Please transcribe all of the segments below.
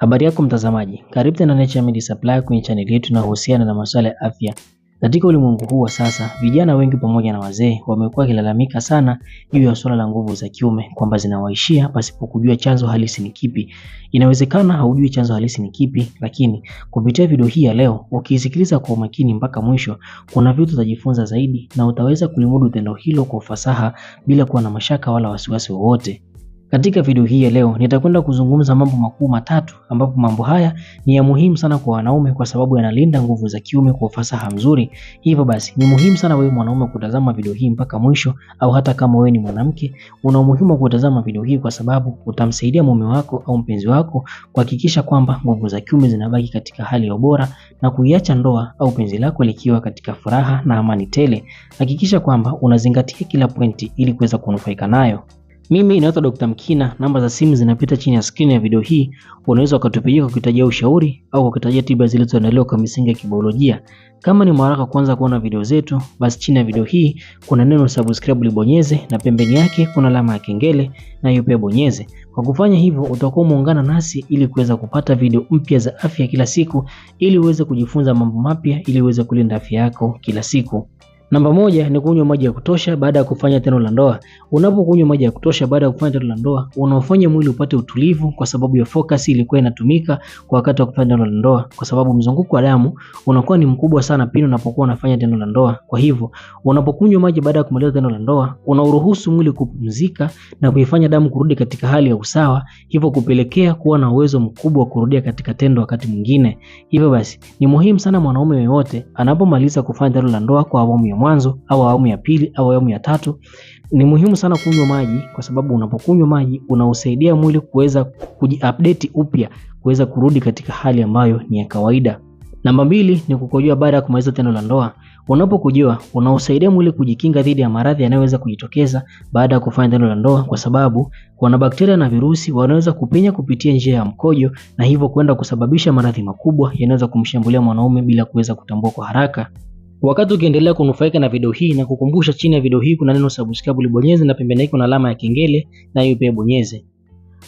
Habari yako mtazamaji, karibu tena Naturemed Supply kwenye chaneli yetu inayohusiana na masuala ya afya. Katika ulimwengu huu wa sasa, vijana wengi pamoja na wazee wamekuwa wakilalamika sana juu ya suala la nguvu za kiume kwamba zinawaishia pasipo kujua chanzo halisi ni kipi. Inawezekana haujui chanzo halisi ni kipi, lakini kupitia video hii ya leo, ukiisikiliza kwa umakini mpaka mwisho, kuna vitu utajifunza zaidi na utaweza kulimudu tendo hilo kwa ufasaha bila kuwa na mashaka wala wasiwasi wowote. Katika video hii ya leo nitakwenda kuzungumza mambo makuu matatu ambapo mambo haya ni ya muhimu sana kwa wanaume kwa sababu yanalinda nguvu za kiume kwa ufasaha mzuri. Hivyo basi ni muhimu sana wewe mwanaume kutazama video hii mpaka mwisho, au hata kama wewe ni mwanamke una umuhimu wa kutazama video hii kwa sababu utamsaidia mume wako au mpenzi wako kuhakikisha kwamba nguvu za kiume zinabaki katika hali ya ubora na kuiacha ndoa au penzi lako likiwa katika furaha na amani tele. Hakikisha kwamba unazingatia kila pointi ili kuweza kunufaika nayo. Mimi naitwa Dr. Mkina, namba za simu zinapita chini ya skrini ya video hii. Unaweza ukatupigia kwa ushauri au kwa tiba zilizoandaliwa kwa misingi ya kibiolojia. Kama ni mara yako kwanza kuona video zetu, basi chini ya video hii kuna neno subscribe libonyeze, na pembeni yake kuna alama ya kengele, na hiyo pia bonyeze. Kwa kufanya hivyo, utakuwa umeungana nasi ili kuweza kupata video mpya za afya kila siku, ili uweze kujifunza mambo mapya, ili uweze kulinda afya yako kila siku. Namba moja ni kunywa maji ya kutosha baada ya kufanya tendo la ndoa. Unapokunywa maji ya kutosha baada ya kufanya tendo la ndoa, unaofanya mwili upate utulivu, kwa sababu ya focus ilikuwa inatumika kwa wakati wa kufanya tendo la ndoa, kwa sababu mzunguko wa damu unakuwa ni mkubwa sana pindi unapokuwa unafanya tendo la ndoa. Kwa hivyo, unapokunywa maji baada ya kumaliza tendo la ndoa, unauruhusu mwili kupumzika na kuifanya damu kurudi katika hali ya usawa, hivyo kupelekea kuwa na uwezo mkubwa wa kurudia katika tendo wakati mwingine. Hivyo basi, ni muhimu sana mwanaume yeyote anapomaliza kufanya tendo la ndoa kwa awamu ya mwanzo au awamu ya pili au awamu ya tatu. Ni muhimu sana kunywa maji, kwa sababu unapokunywa maji unausaidia mwili kuweza kujiupdate upya, kuweza kurudi katika hali ambayo ni ya kawaida. Namba mbili ni kukojoa baada ya kumaliza tendo la ndoa. Unapokojoa unausaidia mwili kujikinga dhidi ya maradhi yanayoweza kujitokeza baada ya kufanya tendo la ndoa, kwa sababu kuna bakteria na virusi wanaweza kupenya kupitia njia ya mkojo na hivyo kwenda kusababisha maradhi makubwa yanaweza kumshambulia mwanaume bila kuweza kutambua kwa haraka. Wakati ukiendelea kunufaika na video hii na kukumbusha, chini ya video hii kuna neno subscribe libonyeze, na pembeni yake kuna alama ya kengele, na hiyo pia bonyeze.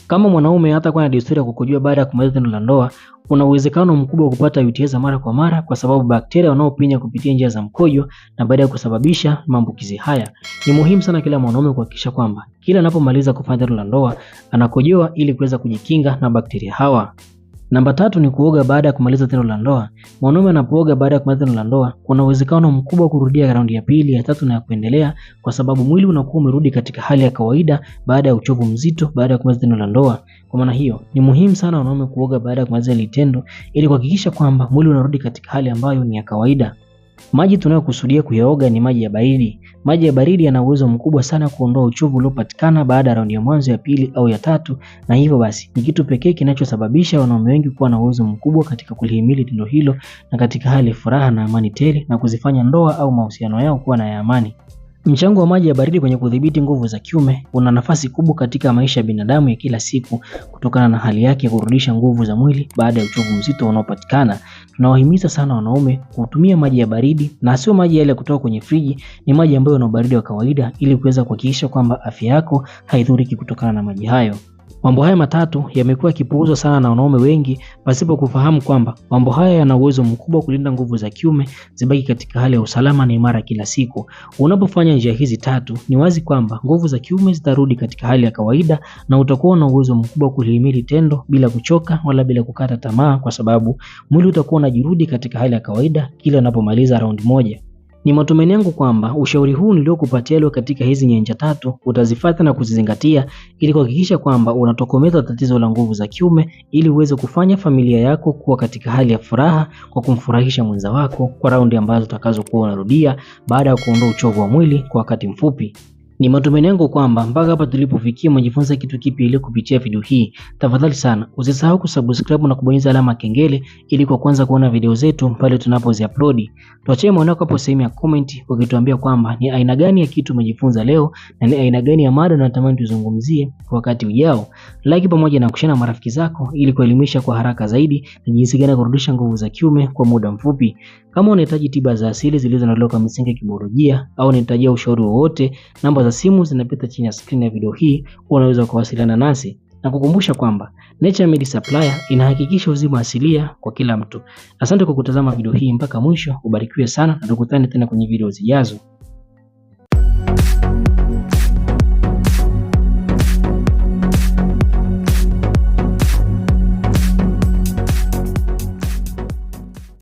Kama mwanaume hata kwa na desturi ya kukujua baada ya kumaliza tendo la ndoa, kuna uwezekano mkubwa wa kupata UTI za mara kwa mara, kwa sababu bakteria wanaopenya kupitia njia za mkojo na baada ya kusababisha maambukizi haya. Ni muhimu sana kila mwanaume kuhakikisha kwamba kila anapomaliza kufanya tendo la ndoa anakojoa ili kuweza kujikinga na bakteria hawa. Namba tatu ni kuoga baada ya kumaliza tendo la ndoa. Mwanaume anapooga baada ya kumaliza tendo la ndoa, kuna uwezekano mkubwa kurudia raundi ya pili, ya tatu na ya kuendelea, kwa sababu mwili unakuwa umerudi katika hali ya kawaida baada ya uchovu mzito baada ya kumaliza tendo la ndoa. Kwa maana hiyo, ni muhimu sana wanaume kuoga baada ya kumaliza hili tendo ili kuhakikisha kwamba mwili unarudi katika hali ambayo ni ya kawaida. Maji tunayokusudia kuyaoga ni maji ya baridi. Maji ya baridi yana uwezo mkubwa sana kuondoa uchovu uliopatikana baada ya raundi ya mwanzo ya pili au ya tatu, na hivyo basi ni kitu pekee kinachosababisha wanaume wengi kuwa na uwezo mkubwa katika kulihimili tendo hilo na katika hali ya furaha na amani tele na kuzifanya ndoa au mahusiano yao kuwa na ya amani. Mchango wa maji ya baridi kwenye kudhibiti nguvu za kiume una nafasi kubwa katika maisha ya binadamu ya kila siku kutokana na hali yake ya kurudisha nguvu za mwili baada ya uchovu mzito unaopatikana. Tunawahimiza sana wanaume kutumia maji ya baridi na sio maji yale kutoka kwenye friji, ni maji ambayo yana ubaridi wa kawaida ili kuweza kuhakikisha kwamba afya yako haidhuriki kutokana na maji hayo. Mambo haya matatu yamekuwa yakipuuzwa sana na wanaume wengi pasipo kufahamu kwamba mambo haya yana uwezo mkubwa kulinda nguvu za kiume zibaki katika hali ya usalama na imara kila siku. Unapofanya njia hizi tatu, ni wazi kwamba nguvu za kiume zitarudi katika hali ya kawaida na utakuwa na uwezo mkubwa kulihimili tendo bila kuchoka wala bila kukata tamaa, kwa sababu mwili utakuwa unajirudi katika hali ya kawaida kila unapomaliza raundi moja. Ni matumaini yangu kwamba ushauri huu niliokupatia leo katika hizi nyanja tatu utazifuata na kuzizingatia ili kuhakikisha kwamba unatokomeza tatizo la nguvu za kiume ili uweze kufanya familia yako kuwa katika hali ya furaha kwa kumfurahisha mwenza wako kwa raundi ambazo utakazokuwa unarudia baada ya kuondoa uchovu wa mwili kwa wakati mfupi. Ni matumaini yangu kwamba mpaka hapa tulipofikia umejifunza kitu kipya ili kupitia video hii. Tafadhali sana usisahau kusubscribe na kubonyeza alama kengele ili kwa kwanza kuona video zetu pale tunapoziupload. Tuachie maoni yako hapo sehemu ya comment ukituambia kwamba ni aina gani ya kitu umejifunza leo na ni aina gani ya mada unatamani tuzungumzie kwa wakati ujao. Like pamoja na kushana marafiki zako ili kuelimisha kwa haraka zaidi na jinsi gani kurudisha nguvu za kiume kwa muda mfupi. Kama unahitaji tiba za asili zilizoondolewa kwa misingi ya kibiolojia au unahitajia ushauri wowote, namba za simu zinapita chini ya skrini ya video hii, unaweza kuwasiliana nasi na kukumbusha kwamba Naturemed Supplier inahakikisha uzima asilia kwa kila mtu. Asante kwa kutazama video hii mpaka mwisho, ubarikiwe sana na tukutane tena kwenye video zijazo.